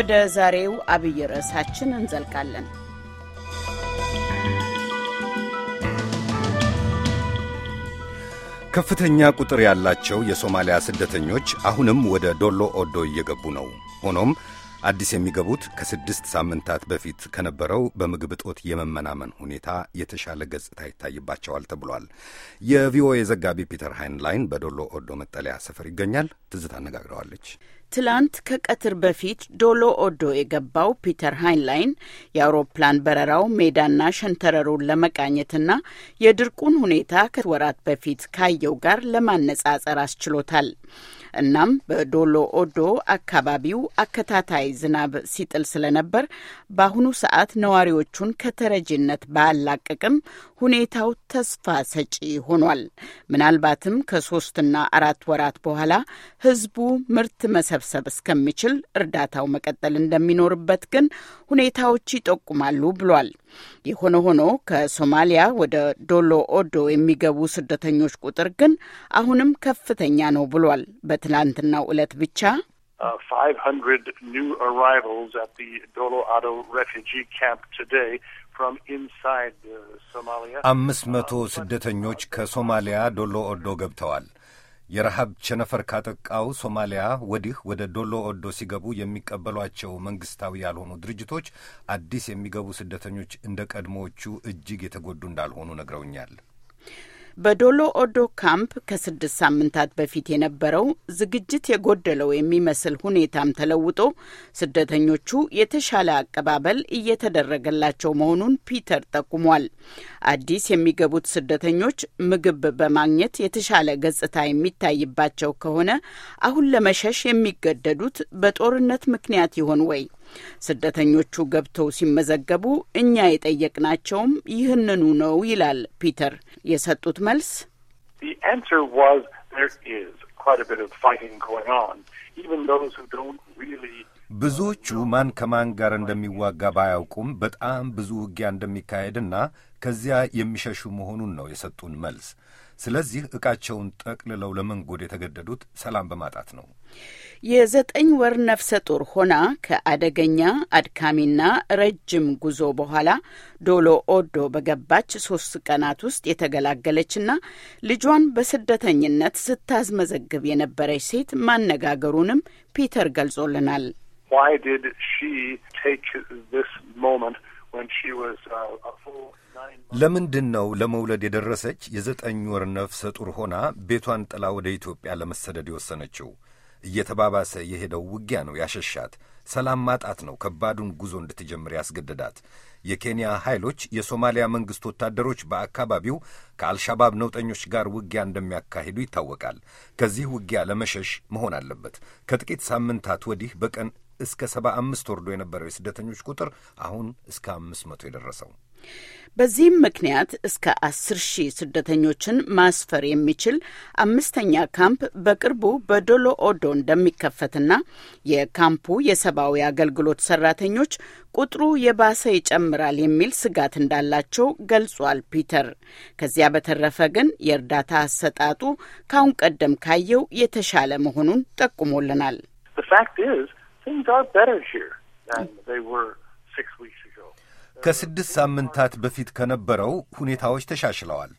ወደ ዛሬው አብይ ርዕሳችን እንዘልቃለን። ከፍተኛ ቁጥር ያላቸው የሶማሊያ ስደተኞች አሁንም ወደ ዶሎ ኦዶ እየገቡ ነው። ሆኖም አዲስ የሚገቡት ከስድስት ሳምንታት በፊት ከነበረው በምግብ እጦት የመመናመን ሁኔታ የተሻለ ገጽታ ይታይባቸዋል ተብሏል። የቪኦኤ ዘጋቢ ፒተር ሃይንላይን በዶሎ ኦዶ መጠለያ ሰፈር ይገኛል። ትዝታ አነጋግረዋለች። ትላንት ከቀትር በፊት ዶሎ ኦዶ የገባው ፒተር ሃይንላይን የአውሮፕላን በረራው ሜዳና ሸንተረሩን ለመቃኘትና የድርቁን ሁኔታ ከወራት በፊት ካየው ጋር ለማነጻጸር አስችሎታል። እናም በዶሎ ኦዶ አካባቢው አከታታይ ዝናብ ሲጥል ስለነበር በአሁኑ ሰዓት ነዋሪዎቹን ከተረጂነት ባያላቅቅም ሁኔታው ተስፋ ሰጪ ሆኗል። ምናልባትም ከሶስትና አራት ወራት በኋላ ህዝቡ ምርት መሰብ መሰብሰብ እስከሚችል እርዳታው መቀጠል እንደሚኖርበት ግን ሁኔታዎች ይጠቁማሉ ብሏል። የሆነ ሆኖ ከሶማሊያ ወደ ዶሎ ኦዶ የሚገቡ ስደተኞች ቁጥር ግን አሁንም ከፍተኛ ነው ብሏል። በትላንትናው ዕለት ብቻ uh, አምስት መቶ ስደተኞች ከሶማሊያ ዶሎ ኦዶ ገብተዋል። የረሃብ ቸነፈር ካጠቃው ሶማሊያ ወዲህ ወደ ዶሎ ኦዶ ሲገቡ የሚቀበሏቸው መንግስታዊ ያልሆኑ ድርጅቶች አዲስ የሚገቡ ስደተኞች እንደ ቀድሞዎቹ እጅግ የተጎዱ እንዳልሆኑ ነግረውኛል። በዶሎ ኦዶ ካምፕ ከስድስት ሳምንታት በፊት የነበረው ዝግጅት የጎደለው የሚመስል ሁኔታም ተለውጦ ስደተኞቹ የተሻለ አቀባበል እየተደረገላቸው መሆኑን ፒተር ጠቁሟል። አዲስ የሚገቡት ስደተኞች ምግብ በማግኘት የተሻለ ገጽታ የሚታይባቸው ከሆነ አሁን ለመሸሽ የሚገደዱት በጦርነት ምክንያት ይሆን ወይ? ስደተኞቹ ገብተው ሲመዘገቡ እኛ የጠየቅናቸውም ይህንኑ ነው ይላል ፒተር። የሰጡት መልስ ብዙዎቹ ማን ከማን ጋር እንደሚዋጋ ባያውቁም በጣም ብዙ ውጊያ እንደሚካሄድና ከዚያ የሚሸሹ መሆኑን ነው የሰጡን መልስ። ስለዚህ ዕቃቸውን ጠቅልለው ለመንጎድ የተገደዱት ሰላም በማጣት ነው። የዘጠኝ ወር ነፍሰ ጡር ሆና ከአደገኛ አድካሚና ረጅም ጉዞ በኋላ ዶሎ ኦዶ በገባች ሶስት ቀናት ውስጥ የተገላገለችና ልጇን በስደተኝነት ስታዝመዘግብ የነበረች ሴት ማነጋገሩንም ፒተር ገልጾልናል። why did she take this moment when she was uh, a full ለምንድን ነው ለመውለድ የደረሰች የዘጠኝ ወር ነፍሰ ጡር ሆና ቤቷን ጥላ ወደ ኢትዮጵያ ለመሰደድ የወሰነችው? እየተባባሰ የሄደው ውጊያ ነው ያሸሻት። ሰላም ማጣት ነው ከባዱን ጉዞ እንድትጀምር ያስገደዳት። የኬንያ ኃይሎች የሶማሊያ መንግሥት ወታደሮች በአካባቢው ከአልሻባብ ነውጠኞች ጋር ውጊያ እንደሚያካሂዱ ይታወቃል። ከዚህ ውጊያ ለመሸሽ መሆን አለበት። ከጥቂት ሳምንታት ወዲህ በቀን እስከ ሰባ አምስት ወርዶ የነበረው የስደተኞች ቁጥር አሁን እስከ አምስት መቶ የደረሰው በዚህም ምክንያት እስከ አስር ሺህ ስደተኞችን ማስፈር የሚችል አምስተኛ ካምፕ በቅርቡ በዶሎ ኦዶ እንደሚከፈትና የካምፑ የሰብአዊ አገልግሎት ሰራተኞች ቁጥሩ የባሰ ይጨምራል የሚል ስጋት እንዳላቸው ገልጿል ፒተር። ከዚያ በተረፈ ግን የእርዳታ አሰጣጡ ካሁን ቀደም ካየው የተሻለ መሆኑን ጠቁሞልናል። The fact is things are better here than they were six weeks ago ከስድስት ሳምንታት በፊት ከነበረው ሁኔታዎች ተሻሽለዋል።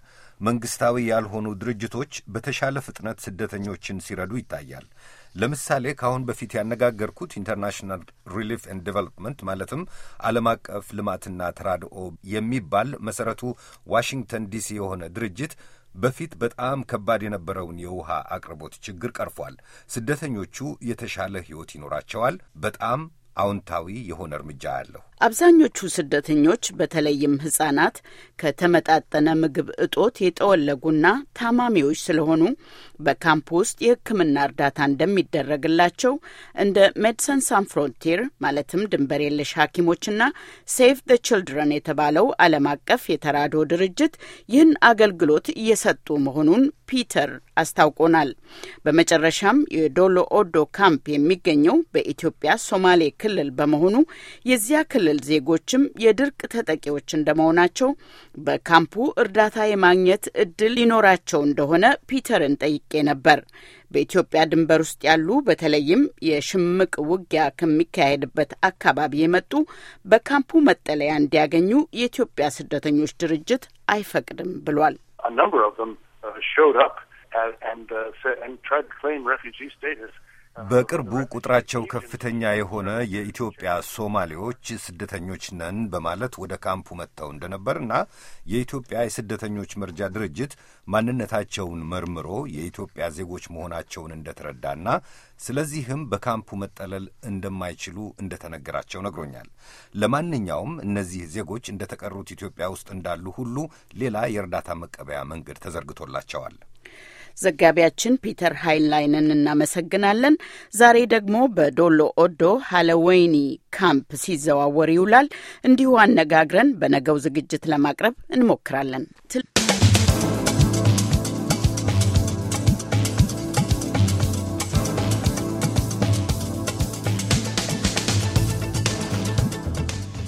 መንግስታዊ ያልሆኑ ድርጅቶች በተሻለ ፍጥነት ስደተኞችን ሲረዱ ይታያል። ለምሳሌ ከአሁን በፊት ያነጋገርኩት ኢንተርናሽናል ሪሊፍ ኤንድ ዴቨሎፕመንት ማለትም ዓለም አቀፍ ልማትና ተራድኦ የሚባል መሰረቱ ዋሽንግተን ዲሲ የሆነ ድርጅት በፊት በጣም ከባድ የነበረውን የውሃ አቅርቦት ችግር ቀርፏል። ስደተኞቹ የተሻለ ሕይወት ይኖራቸዋል። በጣም አዎንታዊ የሆነ እርምጃ አለው። አብዛኞቹ ስደተኞች በተለይም ሕጻናት ከተመጣጠነ ምግብ እጦት የጠወለጉና ታማሚዎች ስለሆኑ በካምፕ ውስጥ የሕክምና እርዳታ እንደሚደረግላቸው እንደ ሜድሰን ሳን ፍሮንቲር ማለትም ድንበር የለሽ ሐኪሞችና ሴቭ ደ ችልድረን የተባለው ዓለም አቀፍ የተራዶ ድርጅት ይህን አገልግሎት እየሰጡ መሆኑን ፒተር አስታውቆናል። በመጨረሻም የዶሎ ኦዶ ካምፕ የሚገኘው በኢትዮጵያ ሶማሌ ክልል በመሆኑ የዚያ ክልል ዜጎችም የድርቅ ተጠቂዎች እንደመሆናቸው በካምፑ እርዳታ የማግኘት እድል ሊኖራቸው እንደሆነ ፒተርን ጠይቄ ጠይቄ ነበር። በኢትዮጵያ ድንበር ውስጥ ያሉ በተለይም የሽምቅ ውጊያ ከሚካሄድበት አካባቢ የመጡ በካምፑ መጠለያ እንዲያገኙ የኢትዮጵያ ስደተኞች ድርጅት አይፈቅድም ብሏል። a number of them uh, showed up and, uh, and tried to claim refugee status በቅርቡ ቁጥራቸው ከፍተኛ የሆነ የኢትዮጵያ ሶማሌዎች ስደተኞች ነን በማለት ወደ ካምፑ መጥተው እንደነበር እና የኢትዮጵያ የስደተኞች መርጃ ድርጅት ማንነታቸውን መርምሮ የኢትዮጵያ ዜጎች መሆናቸውን እንደተረዳና ስለዚህም በካምፑ መጠለል እንደማይችሉ እንደተነገራቸው ነግሮኛል። ለማንኛውም እነዚህ ዜጎች እንደተቀሩት ኢትዮጵያ ውስጥ እንዳሉ ሁሉ ሌላ የእርዳታ መቀበያ መንገድ ተዘርግቶላቸዋል። ዘጋቢያችን ፒተር ሃይንላይንን እናመሰግናለን። ዛሬ ደግሞ በዶሎ ኦዶ ሃለወይኒ ካምፕ ሲዘዋወር ይውላል። እንዲሁ አነጋግረን በነገው ዝግጅት ለማቅረብ እንሞክራለን።